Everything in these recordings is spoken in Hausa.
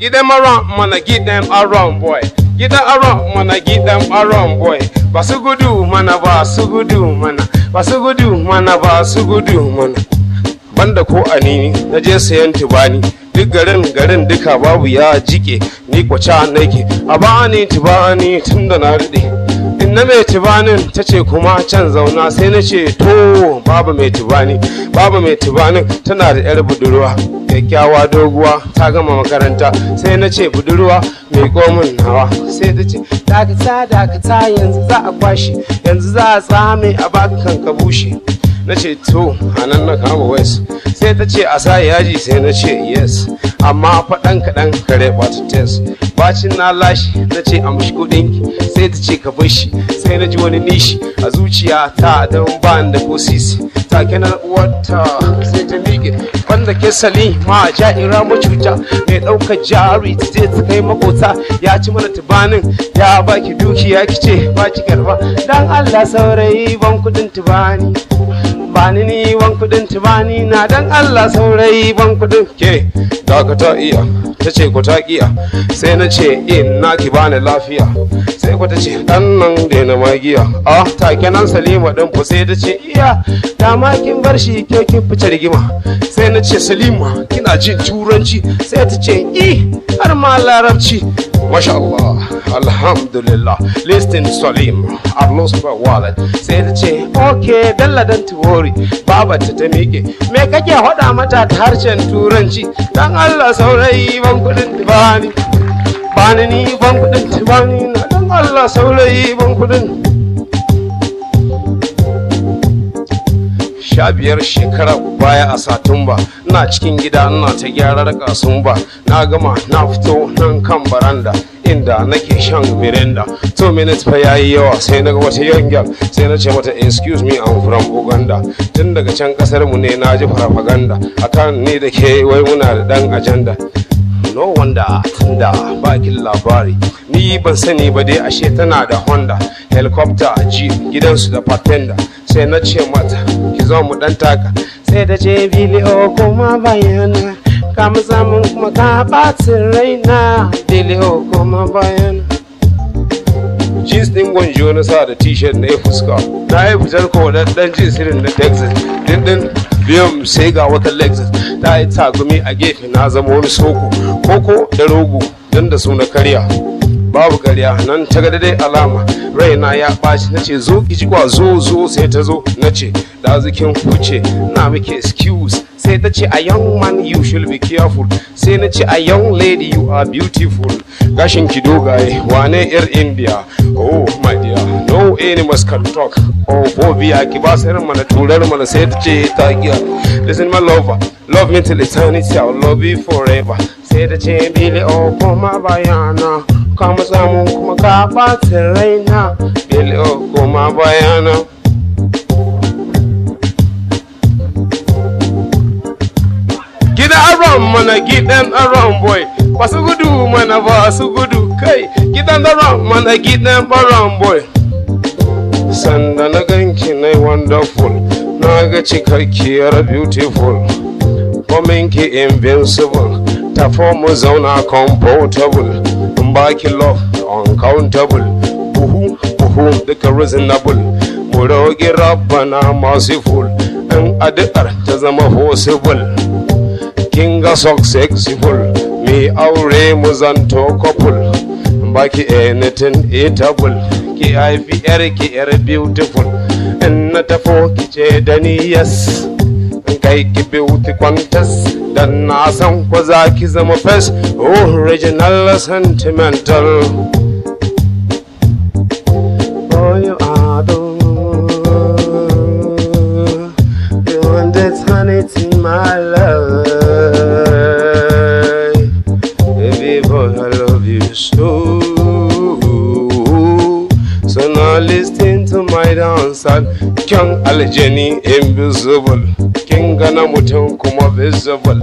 Get them around, mana, get them around, boy. Get them around, mana, get them around, boy. Basugudu, I basugudu, mana. Basugudu, I basugudu, mana. Banda ko anini, na je sayan tubani. Duk garin garin duka babu ya jike, ni kwacha nake. A bani tubani tun da na rade. inna mai tubanin ta ce kuma can zauna sai na ce to babu mai tibani babu mai tubanin tana da yar budurwa kyakkyawa doguwa ta gama makaranta sai na ce budurwa mai komun nawa sai ta ce dakata dakata yanzu za a kwashe yanzu za a tsame a bakan ka bushe na ce to nan na kama west sai ta ce a sa yaji sai na ce yes amma faɗan kaɗan kare ta tes bacin na lashi na ce a mashi kuɗin sai ta ce ka bashi sai na ji wani nishi a zuciya ta don ba da ko sisi take na uwarta sai ta miƙe banda ke salima ja'ira cuta mai ɗaukar jari ta je ta kai makota ya ci mana tubanin ya baki dukiya kice baki garba dan Allah saurayi ban kuɗin tubani bani ni wan kudin ci bani na dan Allah saurayi ban kudin ke daga ta iya ta ce ku ta kiya sai na ce in na ki bani lafiya sai ku ta ce dan nan da na magiya ah take nan Salima dan ku sai ta ce iya ta ma kin bar shi ke kin fice rigima sai na ce Salima kina jin turanci sai ta ce i eh, har ma larabci masha Allah Alhamdulillah, listen Salim, I've lost wallet. Sai ta ce, ok, dalla don tuwori, babarta ta mike Me kake haɗa mata ta harshen turanci, don Allah saurayi ban Bani ni ban na Allah saurayi ban sha biyar shekara baya a satumba ina cikin gida na ta gyarar kasumba na gama na fito nan kan baranda inda nake shan miranda. two minutes fa yayi yawa sai na ga wata young sai na ce mata excuse me I'm from Uganda tun daga can kasar mu ne na ji propaganda akan ni da ke wai muna da dan ajanda no wanda tunda bakin labari ni ban sani ba dai ashe tana da honda helicopter jeep gidansu da patenda sai na ce mata zo mu dan taka sai da ce o kuma bayana ka samun kuma ka ɓacin raina bili o kuma bayana jeans din gwanjo na sa da t-shirt na ya fuska na yi bujar ko da dan jeans irin na texas din din biyan sai ga wata lexus ta yi tagumi a gefe na zama wani soko koko da rogo don da su na karya babu gariya nan ta gada dai alama raina ya ɓaci na ce zo ki ji zo zo sai ta zo na ce da zikin huce na muke excuse that you're a young man you should be careful that you're a young lady you are beautiful gashin ki dogaye eh, wane eh, ir india oh my dear no animals can talk oh bobia ki ba sai mana turar mana sai ta listen my lover love me till eternity i'll love you forever that you're bili oh koma bayana kama samun kuma ka bata raina bili oh koma bayana gida aron mana gidan aron boy ba gudu mana ba su gudu kai gidan aron mana gidan aron boy sanda na ganki na wonderful na ga cikakkiyar beautiful kominki invincible tafo mu zauna comfortable mbaki baki love uncountable buhu buhu duka reasonable mu roƙi rabbana merciful in addu'ar ta zama possible kin ga successful mi aure mu zanto couple baki anything eatable ki haifi yar ki yar beautiful in na tafo ki ce da yes kai ki beauty contest dan na san ko za ki zama fes, oh original sentimental aljani invisible kin na mutum kuma visible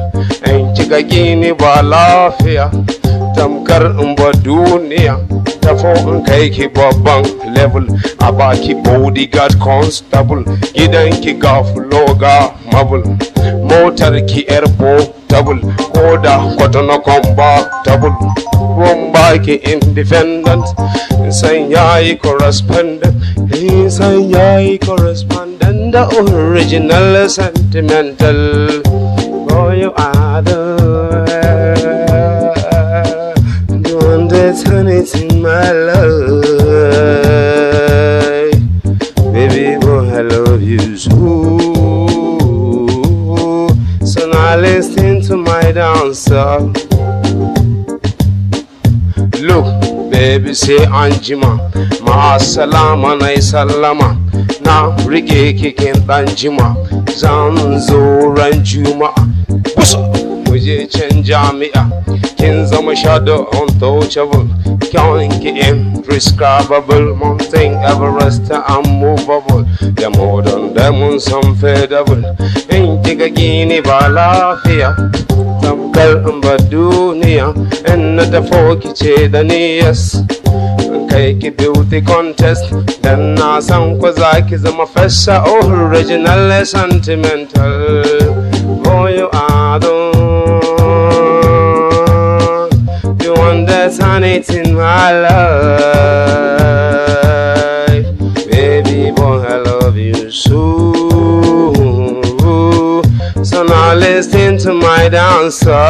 in kika gini ba lafiya tamkar in ba duniya tafo in kai ki babban level a baki bodyguard constable gidan ki ga floga mabul motar ki yar portable ko da kwatano combatable ruwan baki independent san yayi correspondent san yayi correspondent the original sentimental. Oh, you are the one that's honey in my life. Baby boy, I love you so. So now listen to my dancer. Look, baby, say Anjima, Ma salama, na sallama. na rike kikin dan jima zan zo ran juma'a busa mu je can jami'a kin zama shadow untouchable counting in prescribable mountain everest unmovable da modern diamond sun fedable in kika gini ba lafiya tamkar in ba duniya in na tafo kice da ni yes in ki beauty contest dan na san ku za ki zama fasha original sentimental are ado you want that honey in my life baby boy i love you so so now listen to my dancer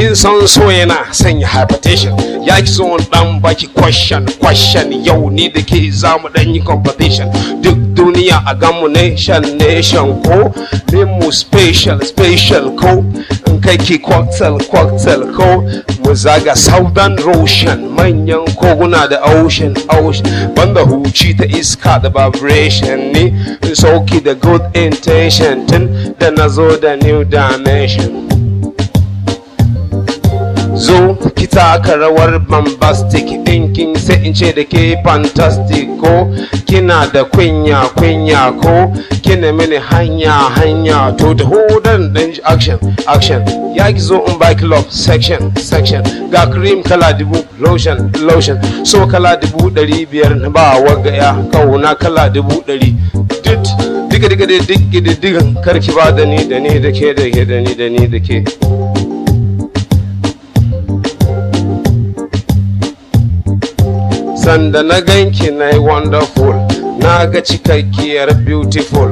kin san so yana sanya hypertension Yikes on so dan question question Yo, need the kids I'm with any competition duk Dunia, a gamu nation nation ko mu special special ko in kai ki cocktail cocktail ko mu zaga southern my young koguna the ocean ocean banda cheat ta iska the vibration ne in keep the good intention Then da na zo new dimension zo ki taka rawar bombastic ɗinkin sai in ce da ke fantastic ko kina da kunya kunya ko kina mini hanya hanya to da hudan ɗan action action ya ki zo in bike love section section ga cream kala dubu lotion lotion so kala dubu ɗari biyar na ba waga ya kauna kala dubu ɗari dit diga diga diga diga diga karki ba da ni da ni da ke da ke da ni da ni da ke sanda na ganki na wonderful na ga cikakkiyar beautiful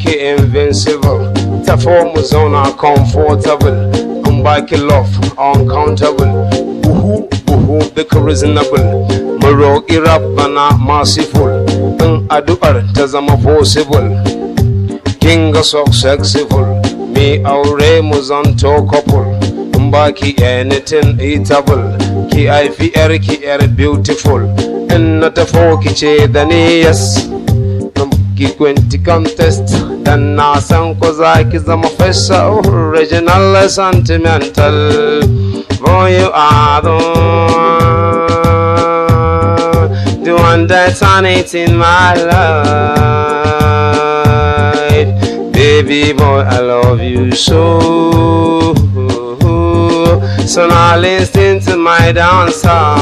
ki invincible tafo mu zauna comfortable in baki love uncountable buhu buhu duka reasonable mu rabbana merciful in addu'ar ta zama possible kinga successful mi aure mu zanto couple in baki anything eatable ki haifi yar ki yar beautiful in na tafo ki ce da ni yes ki kwenti contest dan na san ko za ki zama fesa original sentimental you are the one that's on it in my life baby boy i love you so so now listen to my dance song.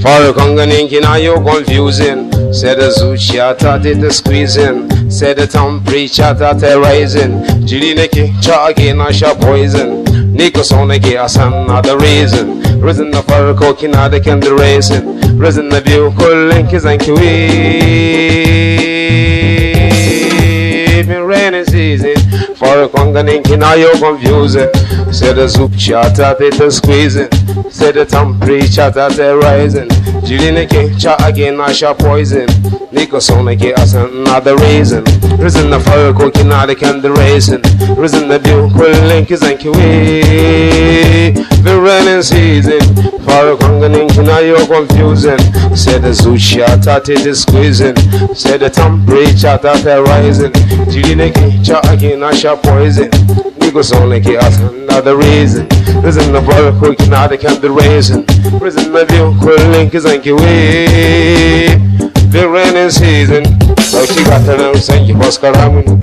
For you come thinking now you confusing. Said the Zuchia, ta did the squeezing. Said the temperature ta terrorizing. rising. neke chage I sha poison. Niko soneke asan another the reason. Reason the far cooking na the can the racing. Reason the view cool link is and Or come the Ninky, now you Say the soup shot they it is squeezing. Say the temperature that is rising. Jilinike chat again I shall poison. Nico sonike as another reason. Risen the fire cooking out can the racing. Risen the dew link is and kiwi. The running season. Fire conganing now you're confusing. Say the soup shot they it is squeezing. Say the temperature that is rising. Jilinike chat again I shall poison. go only chaos another reason Reason the bar ko kina da kan the reason Reason link The raining season she got to know thank you mini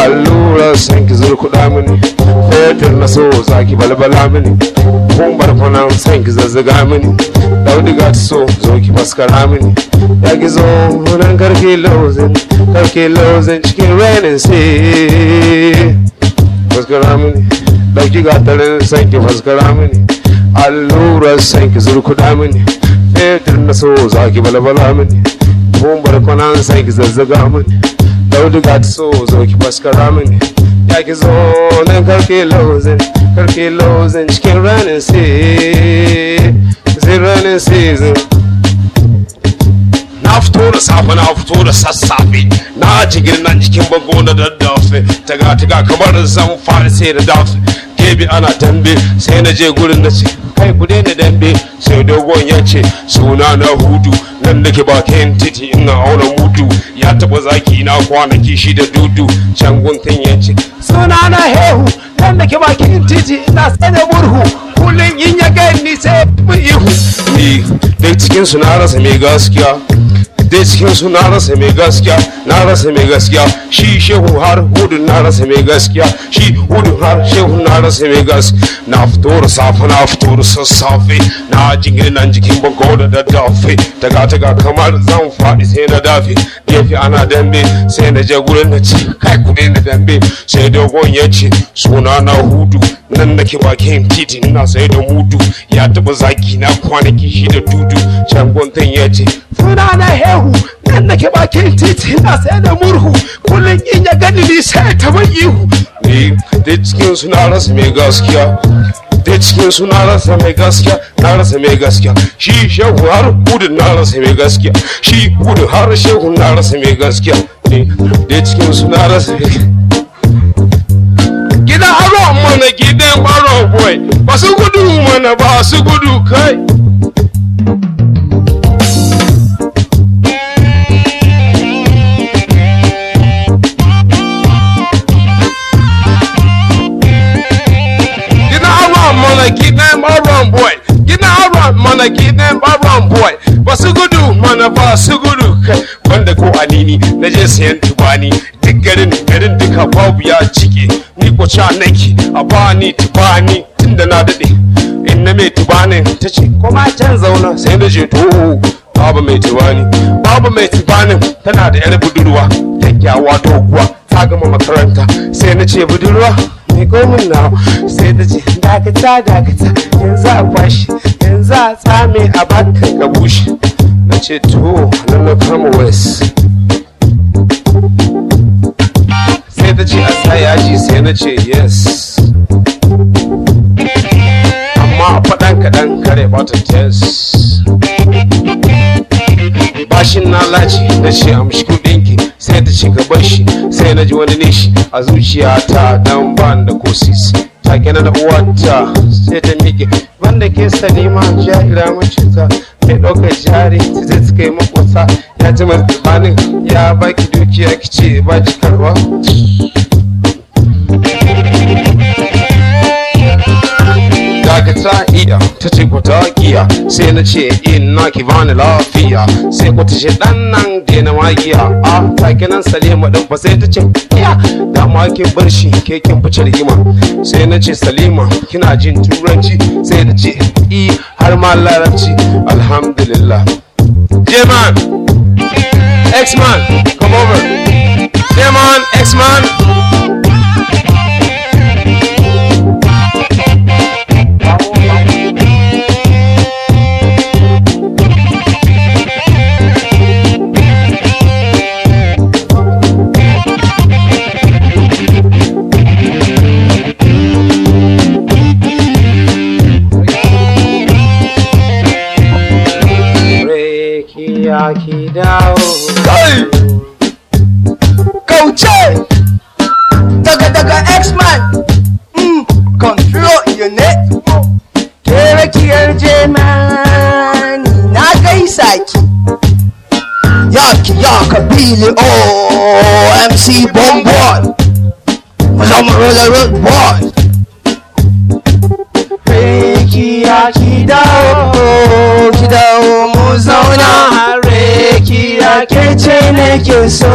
Allura san ki zurkuɗa mini na so mini mini got so zo karke lauzin Karke lauzin cikin raining season faskaramini dauki gatarin sanki faskaramini allurar sanki zurkuda mini fetur na so zaki balbala mini bumbar kwanan sanki zazzaga mini dauduga ta so zauki faskara mini ya ki zo nan karfe lauzin karfe lauzin cikin ranin sai ranin season na fito da safe na fito da sassafe na jigin nan jikin bango na daddafe taga taga kamar zan fara sai da dafe kebe ana dambe sai na je gurin na ce kai ku daina dambe sai dogon ya ce suna na hudu nan da ke bakin titi ina auna mutu ya taba zaki na kwanaki shi da dudu can guntun ya ce suna na hehu nan da ke bakin titi ina sanya murhu kullum in ya gani sai ihu ni dai cikin suna rasa mai gaskiya deskin cikin su na rasa mai gaskiya na rasa mai gaskiya shi shehu har hudu na rasa mai gaskiya shi hudun har shehu na rasa mai gas na fito da safe na fito da sassafe na jingiri nan jikin banko da daddafe daga taga kamar zan faɗi sai na dafe gefe ana dambe sai na je gurin na ci kai kuɗi na dambe sai dogon ya ce suna na hudu nan nake bakin titi ina sai da mutu ya taba zaki na kwanaki shi da dudu can gwantan ya ce suna na hehu nan nake bakin titi ina sai da murhu kullum in ya gani ni sai ta ban ihu eh da cikin suna rasa mai gaskiya da cikin su na rasa mai gaskiya na rasa mai gaskiya shi shehu har kudu na rasa mai gaskiya shi kudu har shehu na rasa mai gaskiya da cikin su na rasa mai gaskiya da aron mana gidan baron boy ba su gudu mana ba su gudu kai Gina aron mana gidan baron boy Gina aron mana gidan baron boy ba su gudu mana ba su gudu ni na je sayan tubani duk garin garin duka babu ya cike ni ko ca nanki a bani tubani tunda na dade in na mai tubanin ta ce kuma can zauna sai na je toho babu mai tubani babu mai tubanin tana da yar budurwa kyakkyawa doguwa ta gama makaranta sai na ce budurwa mai gomin na sai ta ce dakata dakata yanzu a kwashe yanzu a tsame a baka ka bushe na ce to na kama west da ce a sa yaji sai na ce yes amma a faɗan kaɗan kare bata test bashin na laci na ce kuɗin ki sai ta ka bar shi sai na ji wani nishi a zuciyata dan ban da kosis ta gina da uwata sai ta miƙe banda ke salima jahira macinta mai ɗaukar jari ta zai suka yi makwasa ya ji mai ya baki dukiya ki ce ba ji karwa ta iya ta ce ku ta kiya sai na ce ina ki bani lafiya sai ku ta ce dan nan da na magiya a take nan salima din fa sai ta ce iya da ma ki bar shi ke kin fice rigima sai na ce salima kina jin turanci sai ta ce i e, har ma larabci alhamdulillah j X-Man, come over. j X-Man. Rekiya ke ce nake so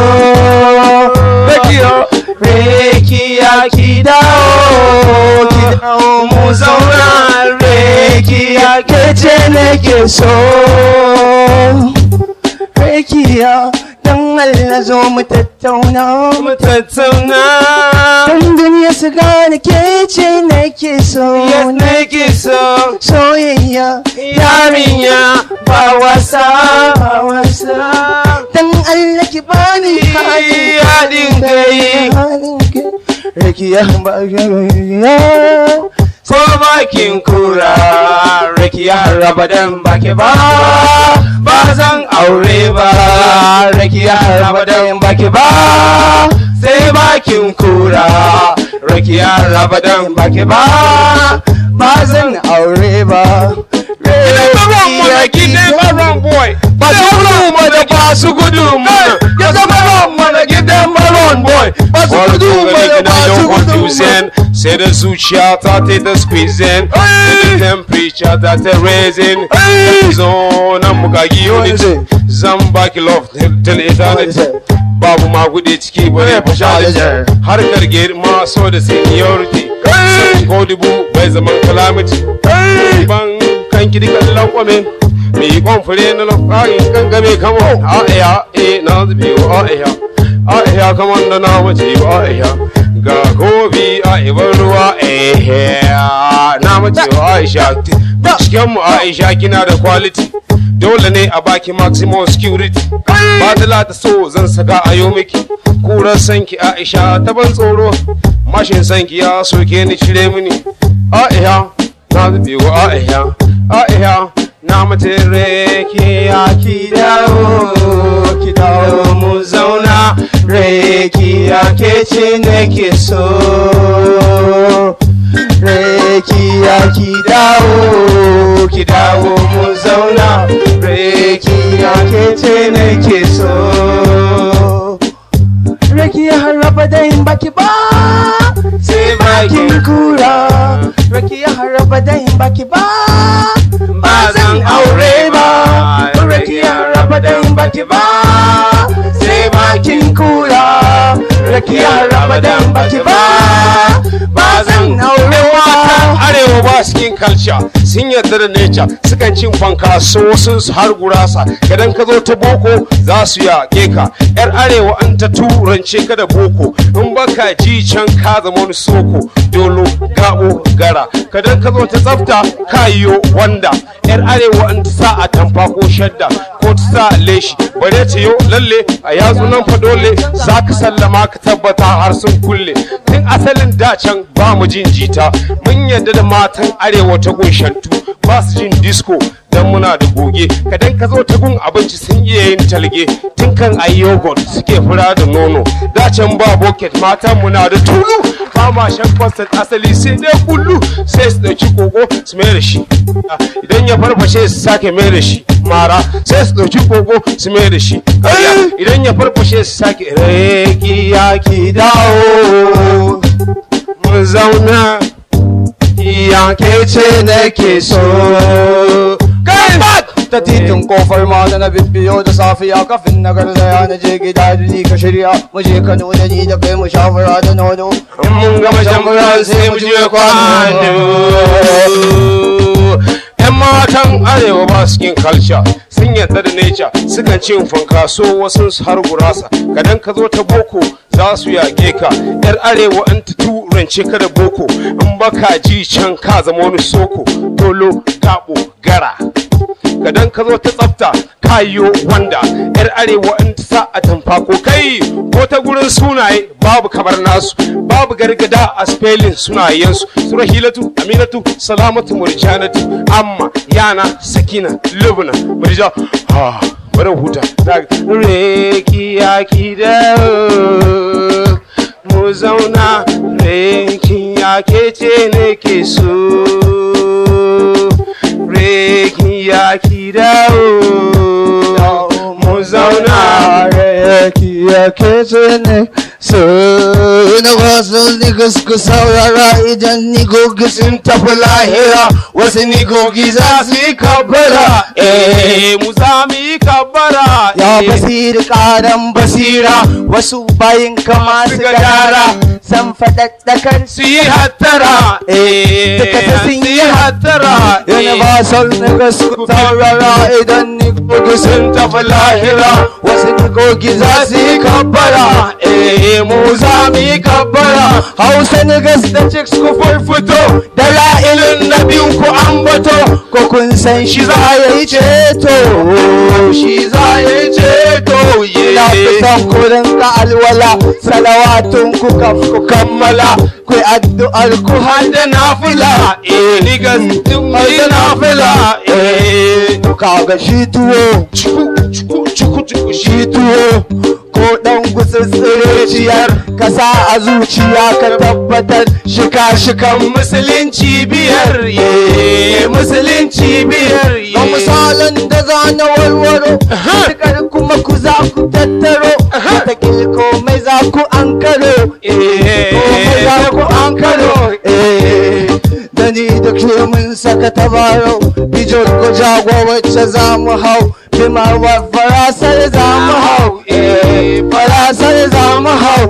Rekiya Rekiya ki dawo Ki dawo mu zauna Rekiya ke ce nake so dan Allah zo mu tattauna mu tattauna dan duniya su gane ke ce nake so nake so soyayya yarinya ba wasa ba wasa dan Allah ki bani hadin kai hadin kai rakiya ba ya ko bakin kura rakiya raba dan baki ba ba zan aure ba rakiya ramadan baki ba sai bakin kura rakiya ramadan baki ba ba zan aure ba ba su gudu mu ya zama mana gidan boy. Bazukudum bana bazukudum. Say the zoo shout out it the squeezing. Hey. The temperature that they raising. Hey. Zona muka unity. Zambaki love till eternity. Babu ma gude ciki bane fashalije. Harkar girma so da seniority. Sai ko dubu bai zaman calamity. Ban the love kallon kwamin. mi konfure na lokari kan game kamo a iya e, e na zube wa a iya e a iya e kaman da na mace wa a iya ga kofi a ibar ruwa ehe na mace wa aisha cikin mu aisha kina da quality dole ne a baki maximum security ba da lata so zan saka a yau miki sanki aisha ta ban tsoro mashin sanki ya soke ni cire mini aisha na zube wa aisha aisha na mutare ki ya ki dawo ki dawo mu zauna reki ya so reki ya ki dawo reki ya so reki ya haraba da yin baki ba sai reki ya haraba da yin baki ban aure ba rakiyar abadan baki ba sai bakin kula, rakiyar rabadan baki ba ba zan aure arewa so ba yin culture sun yarda da nature sukan cin fanka so sun har gurasa kadan ka zo ta boko za su yaƙe ka yar arewa an ta turance ka da boko in baka ji can ka zama wani soko dolo gabo gara kadan ka zo ta tsafta kayo wanda yar arewa an ta sa a tamfa ko shadda ko ta sa leshi bare ta yo lalle a yatsu nan fa dole za ka sallama ka tabbata har sun kulle tun asalin da can ba mu jin jita mun yarda da ma matan arewa ta gunshantu ba su jin disco dan muna da goge kadan ka zo ta gun abinci sun iya yin talge tun kan ayi yogurt suke fura da nono dacen ba bucket matan muna da tulu ba ma shan constant asali sai dai kullu sai su dauki koko su mai da shi idan ya farfashe su sake mai da shi mara sai su dauki koko su mai da shi eh! idan ya farfashe su sake rege ya ki dawo mun zauna duniya ce ce nake so ta titin kofar ma da na bibbiyo da safiya kafin na garzaya na je gida ni ka shirya mu je Kano da ni da kai mu shafura da nono in mun gama shan sai mu je kwano 'yan matan arewa ba su kin kalsha sun yarda da nature sukan fanka fankaso wasu har gurasa kadan ka zo ta boko za su yage ka yar arewa an ta turance ka da boko in baka ji can ka zama wani soko tolo tabo gara dan ka zo ta tsafta kayo wanda yar arewa in sa a tamfa ko kai ko ta gurin sunaye babu kamar nasu babu gargada a spelin sunayensu surahilatu aminatu salamatu murjanatu amma yana sakina lubna murja ha bari huta reki ya kida mu zauna reki ya ke ce ke so reki ya kira mu zauna ya ki ya ke ne Suna wasu niggas ku saurara idan nigogi sun tafi lahira wasu nigogi za su yi kabbara eh mu za ya basiri karan basira wasu bayin kama su Sam san faɗaɗɗakan si yi hattara eh si sun yi hattara universal niggas ku saurara idan nigogi sun tafi lahira wasu nigogi za su yi kabbara eh mu za mu yi kabbara hausa ni gas da chicks ku furfuto da la'ilin na biyu ku bato. ko kun san shi za ya yi ceto shi za ya yi ceto yi na fitan ku ka alwala salawatun ku kaf ku kammala kai addu'ar ku har da fila eh ni gas din mai fila eh ga shi tuwo cuku cuku cuku shi tuwo ko dan ciyar ka sa a zuciya ka tabbatar shika-shikan musulunci biyar ye eh, musulunci biyar ye eh. misalan da za na walwaro shikar kuma ku za ku tattaro ta kilko mai za ku an karo eh, za ku an karo da da ke mun saka tabaro bijo ko jago wacce za mu hau bima wa farasar za mu hau farasar za mu hau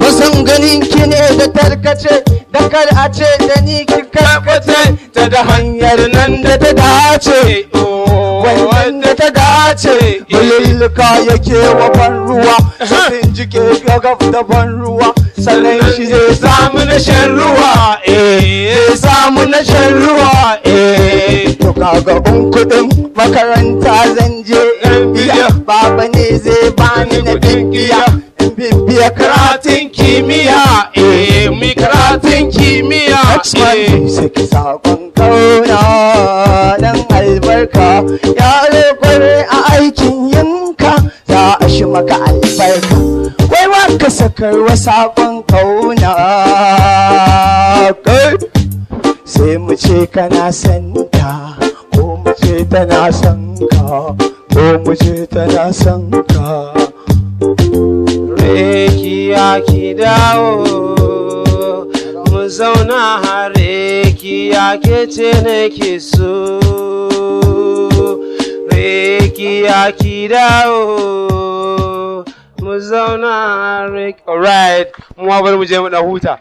musan ganin ki ne da tarkace da kar a ce da ni ki karkace ta da hanyar nan da ta dace oh, wanda ta dace ilka yake wa ban ruwa sun jike gagaf da ban ruwa sannan shi zai samu na shan ruwa eh zai samu na shan ruwa eh to kaga in kudin makaranta zan je in biya baba ne zai bani na bibiya in bibiya karatun kimiyya eh mi karatun kimiyya eh sai ki sakon kauna dan albarka ya maka albarka wai ma ka sakarwa sabon kauna sai mu ce kana santa ko mu ce tana son ka ko mu ce tana son ka ya ki dawo mu zauna har ya ke ce ke so Rekiya ki dawo mu zauna Alright, mu bar mu je mu huta.